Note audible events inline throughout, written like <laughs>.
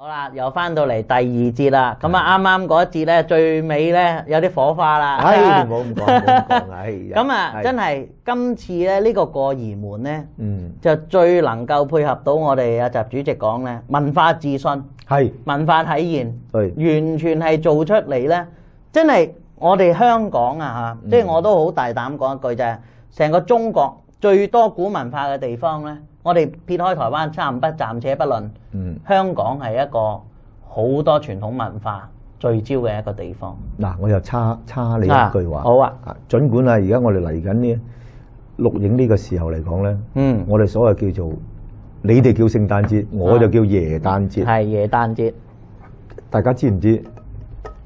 好啦，又返到嚟第二字第二節啦，咁啊，啱啱嗰一次一節呢，最尾呢，有啲火花啦。 <laughs> 最多古文化嘅地方呢，我哋撇開台灣，差唔多暫且不論。香港係一個好多傳統文化聚焦嘅一個地方。嗱、嗯，我又差差你一句話，啊好啊。儘管啊，而家我哋嚟緊呢錄影呢個時候嚟講呢，嗯、我哋所謂叫做你哋叫聖誕節，我就叫耶誕節。係、啊、耶誕節，大家知唔知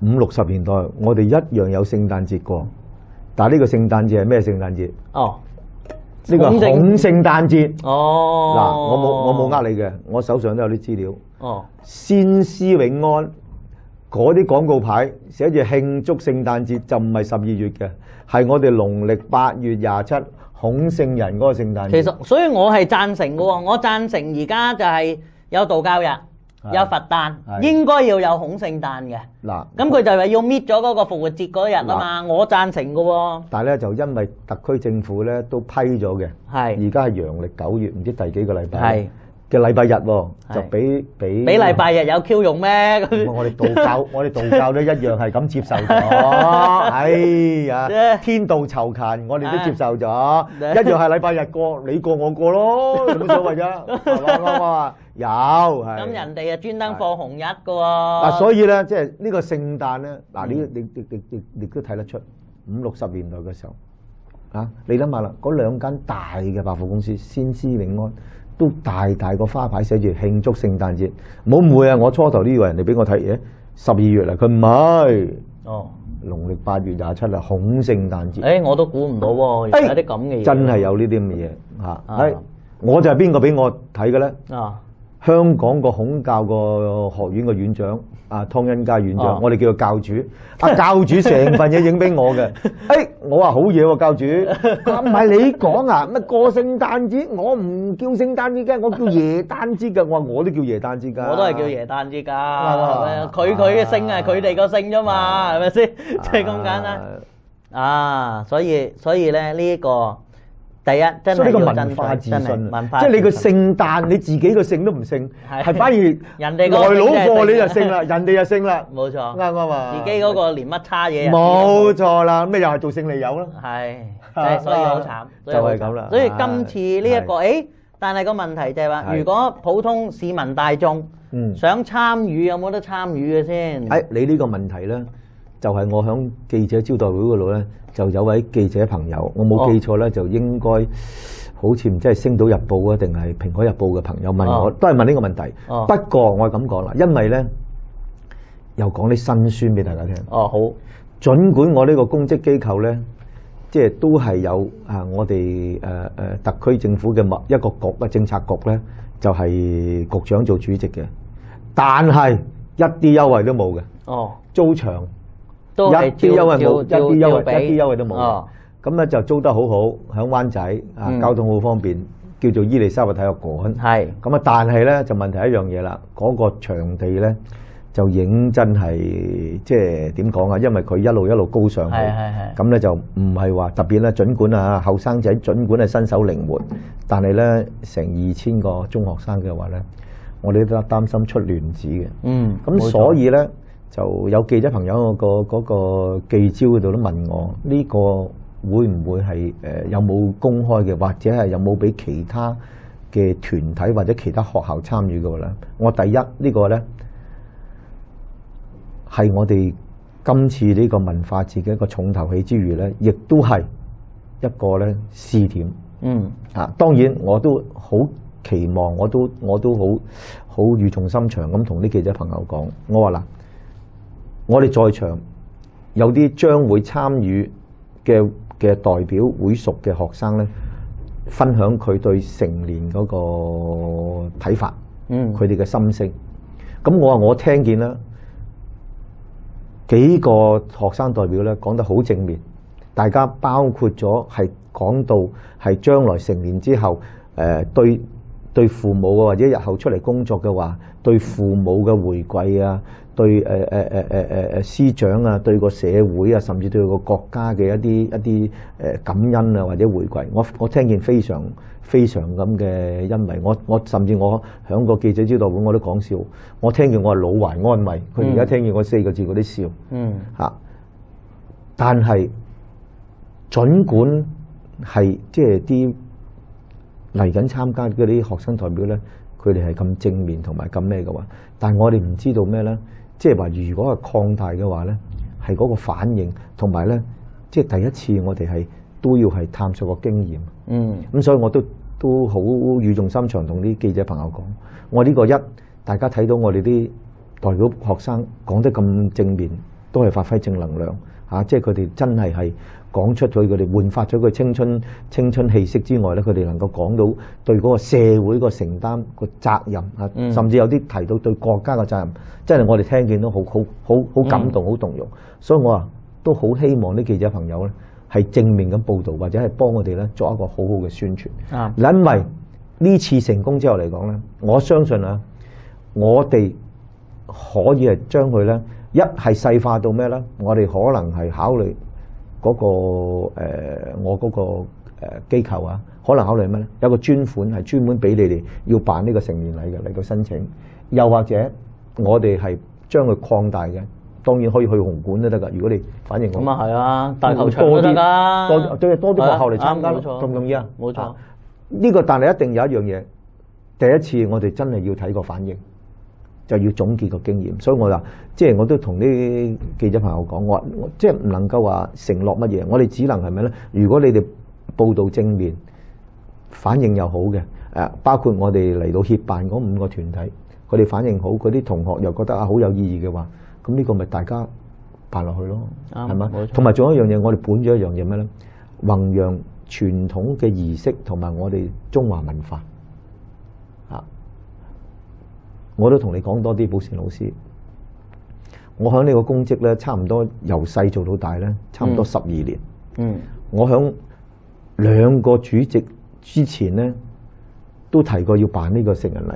五六十年代我哋一樣有聖誕節過，但係呢個聖誕節係咩聖誕節？哦。呢個孔聖誕節。嗱、哦、我冇我冇呃你嘅，我手上都有啲資料。哦、先施永安嗰啲廣告牌寫住慶祝聖誕節，就唔係十二月嘅，係我哋農曆八月廿七孔聖人嗰個聖誕節。其實所以我係贊成嘅喎，我贊成而家就係有道教日。有佛誕，是應該要有孔聖誕嘅。嗱喏，咁佢就係要搣咗嗰個復活節嗰日啊嘛，喏我贊成㗎喎。但係咧，就因為特區政府咧都批咗嘅，係，而家係陽曆九月，唔知第幾個禮拜嘅禮拜日喎，就俾俾俾禮拜日有 Q 用咩？咁我哋道教，我哋道教都一樣係咁接受咗。哎呀，天道酬勤，我哋都接受咗，一樣係禮拜日過，你過我過咯，冇所謂啫。啱唔啱啊？有係。咁人哋啊，專登放紅日嘅喎。嗱，所以咧，即係呢個聖誕咧，嗱，你你你你你都睇得出五六十年代嘅時候啊，你諗下啦，嗰兩間大嘅百貨公司，先施永安，都大大個花牌寫住慶祝聖誕節，冇誤會啊！我初頭都以為人哋俾我睇嘢，十二月嚟佢唔係哦，農曆八月廿七啊，孔聖誕節。誒、欸，我都估唔到喎，欸、有啲咁嘅嘢。真係有呢啲咁嘅嘢嚇，誒，我就係邊個俾我睇嘅咧？啊！香港個孔教個學院個院長啊，湯恩佳院長，啊院長啊、我哋叫做教主。教主哎、啊，教主成份嘢影俾我嘅，哎，我話好嘢喎，教主。唔係你講啊，乜過、啊、聖誕節我唔叫聖誕節嘅，我叫耶誕節嘅。我話我都叫耶誕節嘅，我都係叫耶誕節㗎。佢佢嘅姓係佢哋個姓啫嘛，係咪先？就係、是、咁簡單。啊，啊，所以所以咧呢一、這個。第一，所以呢個文化自信，即係你個聖誕，你自己個姓都唔姓，係反而人哋來攞貨你就姓啦，人哋就姓啦，冇錯，啱啱嘛，自己嗰個連乜叉嘢，冇錯啦，咩又係做勝利友啦，係，所以好慘，就係咁啦。所以今次呢一個，誒，但係個問題就係話，如果普通市民大眾想參與，有冇得參與嘅先？誒，你呢個問題咧？就係我響記者招待會嗰度咧，就有位記者朋友，我冇記錯咧，啊、就應該好似唔知係星島日報啊，定係蘋果日報嘅朋友問我，啊、都係問呢個問題。啊、不過我係咁講啦，因為咧又講啲辛酸俾大家聽。哦，啊、好。儘管我呢個公職機構咧，即係都係有啊，我哋誒誒特區政府嘅某一個局嘅政策局咧，就係、是、局長做主席嘅，但係一啲優惠都冇嘅。哦，啊、租場。一啲優惠冇，一啲優惠一啲優惠都冇。咁咧就租得好好，喺灣仔啊，交通好方便，叫做伊利沙伯體育館。係咁啊，但係咧就問題一樣嘢啦，嗰個場地咧就認真係即係點講啊？因為佢一路一路高上去，係係係。咁咧就唔係話特別咧，儘管啊，後生仔儘管係身手靈活，但係咧成二千個中學生嘅話咧，我哋都擔心出亂子嘅。嗯，咁所以咧。就有記者朋友個嗰個記招嗰度都問我呢、呢個會唔會係誒有冇公開嘅，或者係有冇俾其他嘅團體或者其他學校參與嘅咧？我第一、呢個、呢個咧係我哋今次呢個文化節嘅一個重頭戲之餘咧，亦都係一個咧試點。嗯啊，當然我都好期望，我都我都好好語重心長咁同啲記者朋友講，我話嗱。我哋在場有啲將會參與嘅嘅代表會熟嘅學生咧，分享佢對成年嗰個睇法，嗯，佢哋嘅心聲。咁我話我聽見啦，幾個學生代表咧講得好正面，大家包括咗係講到係將來成年之後，誒、呃、對，對父母啊，或者日後出嚟工作嘅話，對父母嘅回饋啊，對誒誒誒誒誒誒師長啊，對個社會啊，甚至對個國家嘅一啲一啲誒感恩啊，或者回饋，我我聽見非常非常咁嘅欣慰。我我甚至我響個記者招待會我都講笑，我聽見我係老懷安慰佢而家聽見我四個字嗰啲笑，嗯嚇。但係儘管係即係啲。就是嚟緊參加嗰啲學生代表咧，佢哋係咁正面同埋咁咩嘅話，但係我哋唔知道咩咧，即係話如果係擴大嘅話咧，係嗰個反應同埋咧，即係第一次我哋係都要係探索個經驗。嗯，咁所以我都都好語重心長同啲記者朋友講，我呢個一，大家睇到我哋啲代表學生講得咁正面，都係發揮正能量。啊！即係佢哋真係係講出佢佢哋煥發咗佢青春青春氣息之外咧，佢哋能夠講到對嗰個社會個承擔個責任啊，甚至有啲提到對國家嘅責任，真係我哋聽見都好好好好感動、好動容。所以我啊都好希望啲記者朋友咧係正面咁報導，或者係幫我哋咧作一個好好嘅宣傳。啊，因為呢次成功之後嚟講咧，我相信啊，我哋可以係將佢咧。一係細化到咩咧？我哋可能係考慮嗰、那個、呃、我嗰個誒機構啊，可能考慮咩咧？有個專款係專門俾你哋要辦呢個成年禮嘅嚟到申請，又或者我哋係將佢擴大嘅，當然可以去紅館都得㗎。如果你反應咁啊，係啊，大球場都得啦，多多啲學校嚟參加咯，中唔中意啊？冇錯，呢個但係一定有一樣嘢，第一次我哋真係要睇個反應。就要總結個經驗，所以我話，即係我都同啲記者朋友講，我話，即係唔能夠話承諾乜嘢，我哋只能係咪咧？如果你哋報道正面反應又好嘅，誒，包括我哋嚟到協辦嗰五個團體，佢哋反應好，嗰啲同學又覺得啊好有意義嘅話，咁呢個咪大家辦落去咯，係咪？同埋仲有一樣嘢，我哋本咗一樣嘢咩咧？弘揚傳統嘅儀式同埋我哋中華文化。我都同你講多啲寶善老師。我喺呢個公職咧，差唔多由細做到大咧，差唔多十二年，嗯。嗯，我響兩個主席之前咧，都提過要辦呢個成人禮。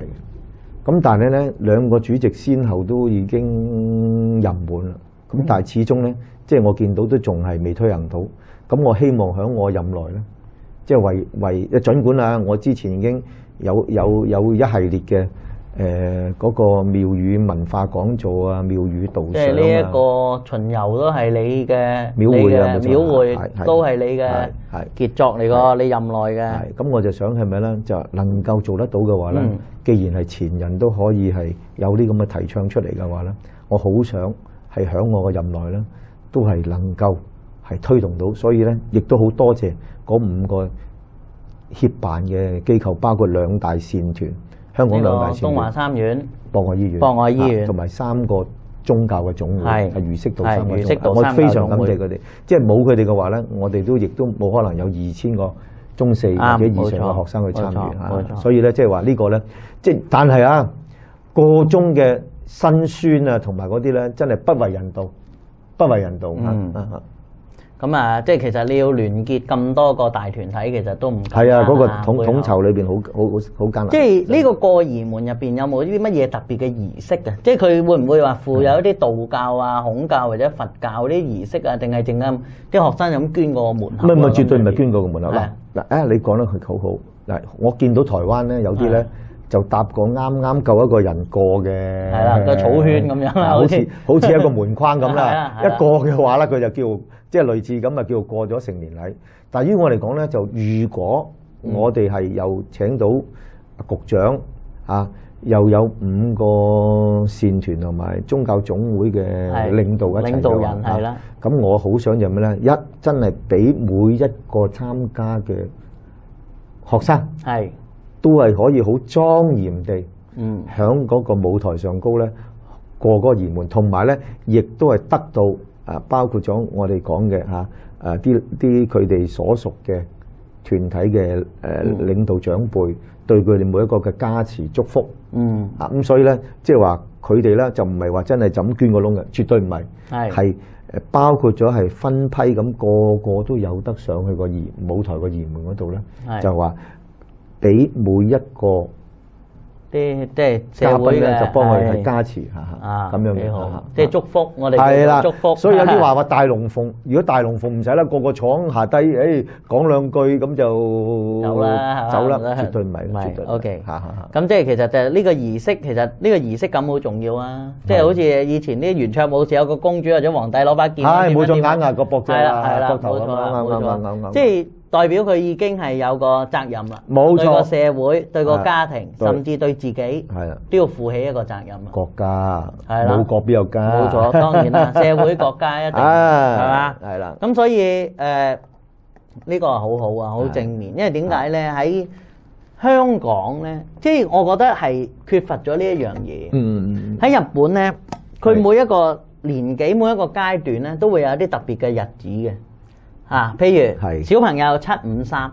咁但係咧，兩個主席先後都已經任滿啦。咁但係始終咧，即係我見到都仲係未推行到。咁我希望喺我任內咧，即係為為，儘管啦，我之前已經有有有一系列嘅。誒嗰個廟宇文化講座啊，廟宇導賞啊，即係呢一個巡遊都係你嘅廟會啊，冇錯啊，廟會都係你嘅，係係傑作嚟個，你任內嘅。咁我就想係咪咧？就能夠做得到嘅話咧，既然係前人都可以係有啲咁嘅提倡出嚟嘅話咧，我好想係響我嘅任內咧，都係能夠係推動到，所以咧亦都好多謝嗰五個協辦嘅機構，包括兩大線團，香港兩大醫院，東華三院、博愛醫院、博愛醫院，同埋、啊、三個宗教嘅總會，係預識到三個三，我非常感謝佢哋。嗯、即係冇佢哋嘅話咧，我哋都亦都冇可能有二千個中四或者以上嘅學生去參與嚇。所以咧、這個，即係話呢個咧，即係但係啊，個中嘅辛酸啊，同埋嗰啲咧，真係不為人道，不為人道啊！嗯咁啊，即係其實你要聯結咁多個大團體，其實都唔係啊。係啊，嗰個統統籌裏邊好好好好艱難。即係呢個過儀門入邊有冇啲乜嘢特別嘅儀式嘅？即係佢會唔會話附有一啲道教啊、孔教或者佛教啲儀式啊？定係淨係啲學生就咁捐個門口？唔係唔係，絕對唔係捐個門口。嗱嗱，啊你講得佢好好。嗱，我見到台灣咧有啲咧就搭個啱啱夠一個人過嘅。係啦，個草圈咁樣啦，好似好似一個門框咁啦。一個嘅話咧，佢就叫。即係類似咁啊，叫做過咗成年禮。但係於我嚟講咧，就如果我哋係又請到局長啊，又有五個善團同埋宗教總會嘅領導一齊咗嚇，咁我好想就咩咧？一真係俾每一個參加嘅學生係都係可以好莊嚴地，嗯，喺嗰個舞台上高咧過個儀門，同埋咧亦都係得到。啊，包括咗我哋講嘅嚇，誒啲啲佢哋所屬嘅團體嘅誒領導長輩對佢哋每一個嘅加持祝福，嗯啊咁所以咧，即係話佢哋咧就唔係話真係就咁捐個窿嘅，絕對唔係，係誒包括咗係分批咁個個都有得上去個儀舞台個儀門嗰度咧，就話俾每一個。啲即係社會嘅就幫佢加持嚇，咁樣幾好，即係祝福我哋。係啦，祝福。所以有啲話話大龍鳳，如果大龍鳳唔使啦，個個廠下低，誒講兩句咁就走啦，走啦，絕對唔係，絕對。O K，嚇嚇嚇。咁即係其實就係呢個儀式，其實呢個儀式感好重要啊。即係好似以前啲元朝冇事，有個公主或者皇帝攞把劍，點樣點樣，咬個脖子啦，膊頭咁啊，冇錯冇錯冇錯。即係。代表佢已經係有個責任啦，對個社會、對個家庭，甚至對自己，都要負起一個責任。國家，冇國邊有家？冇錯，當然啦，社會國家一定係嘛，係啦。咁所以誒，呢個係好好啊，好正面。因為點解咧？喺香港咧，即係我覺得係缺乏咗呢一樣嘢。嗯嗯嗯。喺日本咧，佢每一個年紀、每一個階段咧，都會有啲特別嘅日子嘅。啊，譬如小朋友七五三，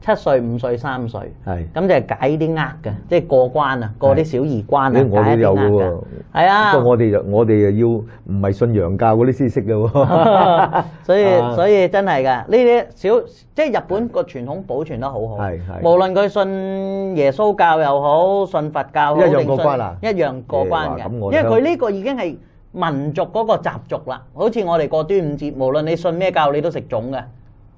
七歲五歲三歲，咁就解啲呃嘅，即係過關啊，過啲小二關啊，我都有㗎。係啊，不過我哋就我哋又要唔係信洋教嗰啲先識嘅喎，所以所以真係㗎，呢啲小即係日本個傳統保存得好好，無論佢信耶穌教又好，信佛教又好，一樣過關啊，一樣過關嘅，因為佢呢個已經係。民族嗰個習俗啦，好似我哋過端午節，無論你信咩教，你都食粽嘅。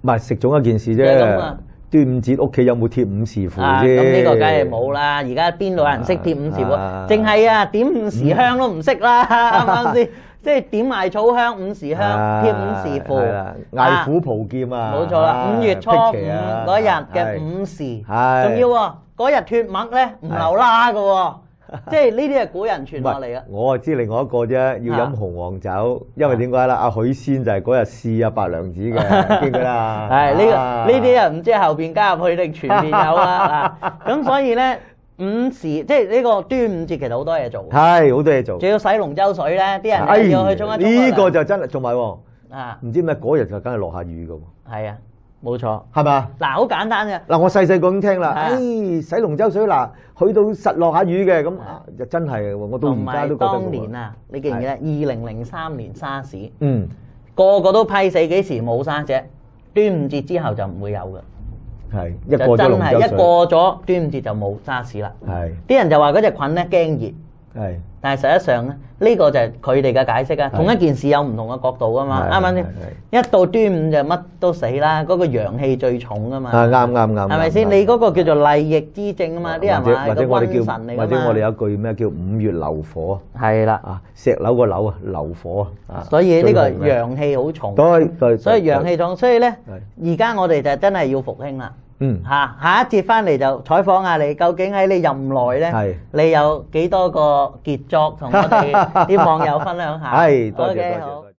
唔係食粽一件事啫。端午節屋企有冇貼午時符啫？咁呢個梗係冇啦。而家邊度有人識貼午時符？淨係啊點午時香都唔識啦，係啱先？即係點艾草香、午時香、貼午時符啊！艾苦蒲劍啊！冇錯啦，五月初五嗰日嘅午時，仲要喎，嗰日脫襪咧唔流啦嘅喎。即係呢啲係古人傳落嚟嘅。我啊知另外一個啫，要飲紅黃酒，因為點解啦？阿、啊啊、許仙就係嗰日試阿、啊、白娘子嘅，見佢啦。係呢、 <laughs> 哎這個呢啲 <laughs> 啊，唔知後邊加入去定前面有啦咁，所以咧，午時即係呢個端午節，其實好多嘢做。係好多嘢做，仲要洗龍舟水咧，啲人要去衝呢、哎這個就真係仲係喎，唔知咩嗰日就梗係落下雨嘅喎。係啊。冇錯，係咪？嗱，好簡單嘅。嗱，我細細個咁聽啦，誒，洗龍舟水啦，去到實落下雨嘅，咁就真係嘅喎。我到而家都都記住。同埋當年啊，你記唔記得？二零零三年沙士，嗯，個個都批死幾時冇沙隻？端午節之後就唔會有嘅。係，一個都冇。就真係一過咗端午節就冇沙士啦。係。啲人就話嗰隻菌咧驚熱。係，但係實質上咧，呢個就係佢哋嘅解釋啊。同一件事有唔同嘅角度啊嘛，啱唔啱先？一到端午就乜都死啦，嗰個陽氣最重啊嘛。係啱啱啱。係咪先？你嗰個叫做利疫之症啊嘛，啲人話都瘟神嚟㗎嘛。或者我哋有一句咩叫五月流火？係啦啊，石樓個樓啊，流火啊。所以呢個陽氣好重。對對。所以陽氣重，所以咧，而家我哋就真係要復興啦。嗯，嚇，下一節翻嚟就採訪下你，究竟喺你任內咧，是你有幾多個傑作同我哋啲網友分享下？係，多謝。